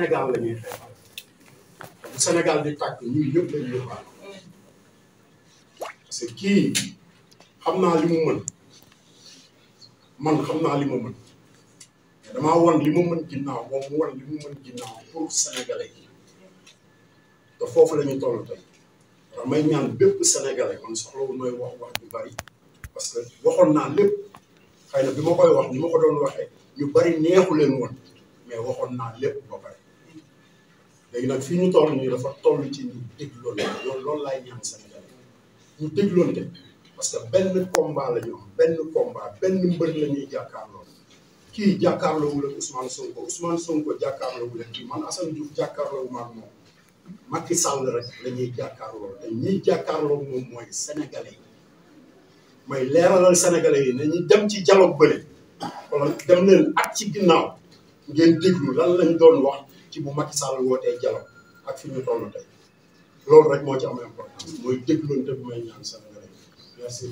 Sénégal la ñuy xeexal bu Sénégal di tàkk ñun ñëpp la ñuy parce que kii xam naa li mu mën man xam naa li ma mën damaa wan li mu mën ginnaaw moom mu wan li mu mën ginnaaw pour sénégalais yi te foofu lañu ñu toll tey damay ñaan bépp sénégalais man soxlawul mooy wax wax ju bari parce que waxoon naa lépp xëy na bi ma koy wax ni ma ko doon waxee ñu bari neexu woon mais waxoon naa lépp ba pare léegi nag fii ñu toll nii dafa toll ci ñu dégloonte loolu loolu laay ñaan Sénégal parce que benn combat la ñu am benn combat benn mbër la ñuy jàkkaarloo kii jàkkaarloowu la Ousmane Sonko Ousmane Sonko jàkkaarloowu la kii man Assane Diouf jàkkaarloowu maag moom Macky Sall rek la ñuy jàkkaarloo te ñiy jàkkaarloo moom mooy sénégalais yi mooy leeralal sénégalais yi nañu dem ci dialogue bële wala dem leen at ci ginnaaw ngeen déglu lan lañ doon wax. ci dialogue ak ci am bu may ñaan merci.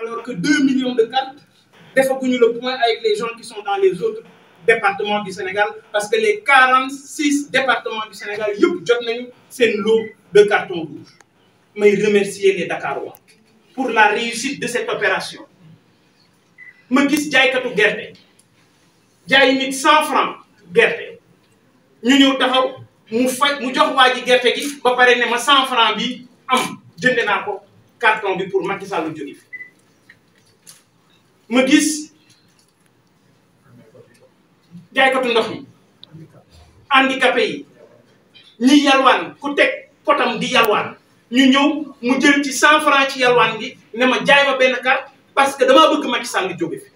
alors que 2 millions de cartes nous le point avec les gens qui sont dans les autres départements du Sénégal parce que les 46 départements du Sénégal c'est jot nañu lot de carton rouge may remercier les Dakarois pour la réussite de cette opération ma gis jaaykatu guerrier. jaay nit 100 francs gerte ñu ñëw taxaw mu fa mu jox waaji ji gerte gi ba pare ne ma 100 francs bi am jënd naa ko carton bi pour Macky Sall jóge fi ma gis jaaykatu ndox yi handicapé yi ñi yalwaan ku teg potam di yalwaan ñu ñëw mu jël ci 100 francs ci yalwaan gi ne ma jaay ma benn carte parce que dama bëgg Macky Sall jóge fi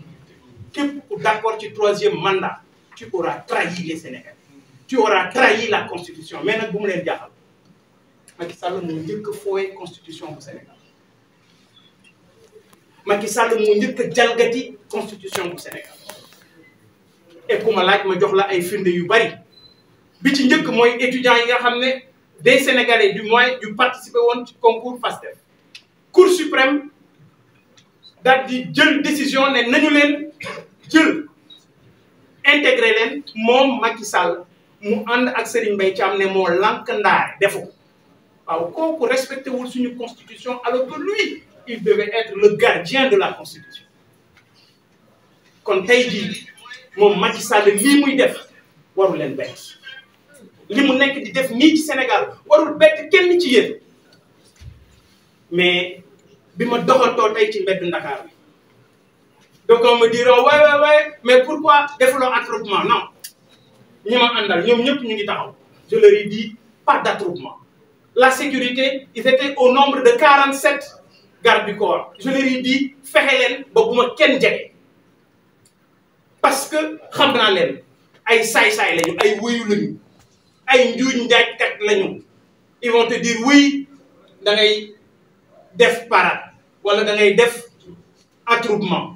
d'accord le troisième mandat tu auras trahi les Sénégalais tu auras trahi la constitution mais nag bu mu leen jaaxal Macky Sall moo njëkk a constitution bu Sénégal Macky Sall moo njëkk jalgati constitution bu Sénégal et comme ma laaj ma jox la ay finde yu bari bi ci njëkk moy étudiants yi nga xamné des Sénégalais du moins yu participer won ci concours FASTEF Cour suprême daal di jël décision ne nañu leen jël intégré leen moom Macky Sall mu ànd ak Serigne Mbaye Thiam ne moo lànk ndaare defu waaw kooku respecté wul suñu constitution alors que lui il devait être le gardien de la constitution kon tey jii moom Macky Sall lii muy def waru leen bett li mu nekk di def nii ci Sénégal warul bett kenn ci yéen mais bi ma doxantoo tey ci mbedd Ndakaar bi donc on me dira, ouais, ouais, ouais, mais pourquoi faut attroupement Non. Je leur ai dit, pas d'attroupement. La sécurité, ils étaient au nombre de 47 gardes du corps. Je leur ai dit, les pas Parce que, ay ils lañu ay ils ils vont te dire oui da ngay def parade ou da def attroupement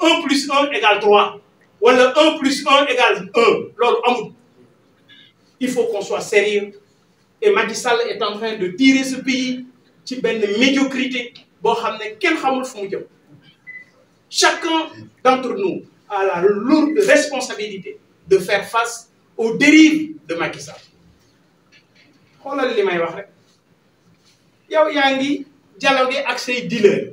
1 plus 1 égale 3 wala 1 plus 1 égale 1 il faut qu'on soit sérieux et Macky Sall est en train de tirer ce pays ci une médiocrité chacun d'entre nous a la lourde responsabilité de faire face aux dérives de Macky Sall li may wax rek dialogué ak dealers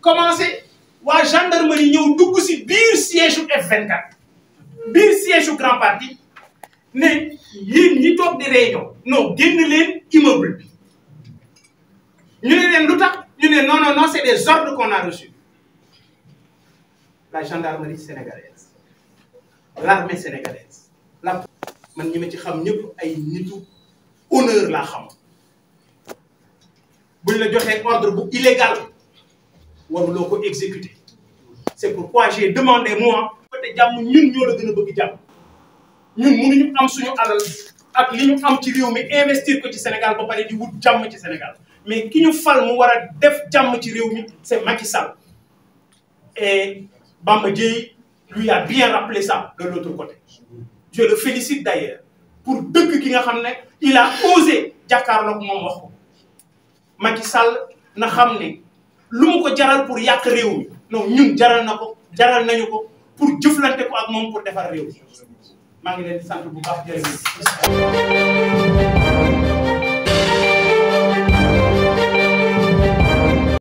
commencé la gendarmerie ñeu dugg si biir siège F24 biir siège grand parti mais yéen ñi toog di réunion non génn leen immeuble ñu ne leen lutax ñu non non non c'est des ordres qu'on a reçus la gendarmerie sénégalaise l'armée sénégalaise la man ñi ma ci xam ñëpp ay honneur la xam buñ la ordre illégal ou exécuter c'est pourquoi j'ai demandé moi que être ñun ñoo la nous bëgg ñun am investir au Sénégal pour parler di wut ci Sénégal mais qui nous fal mu def ci c'est Macky Sall et Bamba lui a bien rappelé ça de l'autre côté je le félicite d'ailleurs pour deux ki nga xamné il a osé ak mom wax Macky Sall na lu mu ko jaral pour yàq réew mi non ñun jaral na ko jaral nañu ko pour jëflante ko ak moom pour defar réew maa ngi leen di bu baax jërëjëf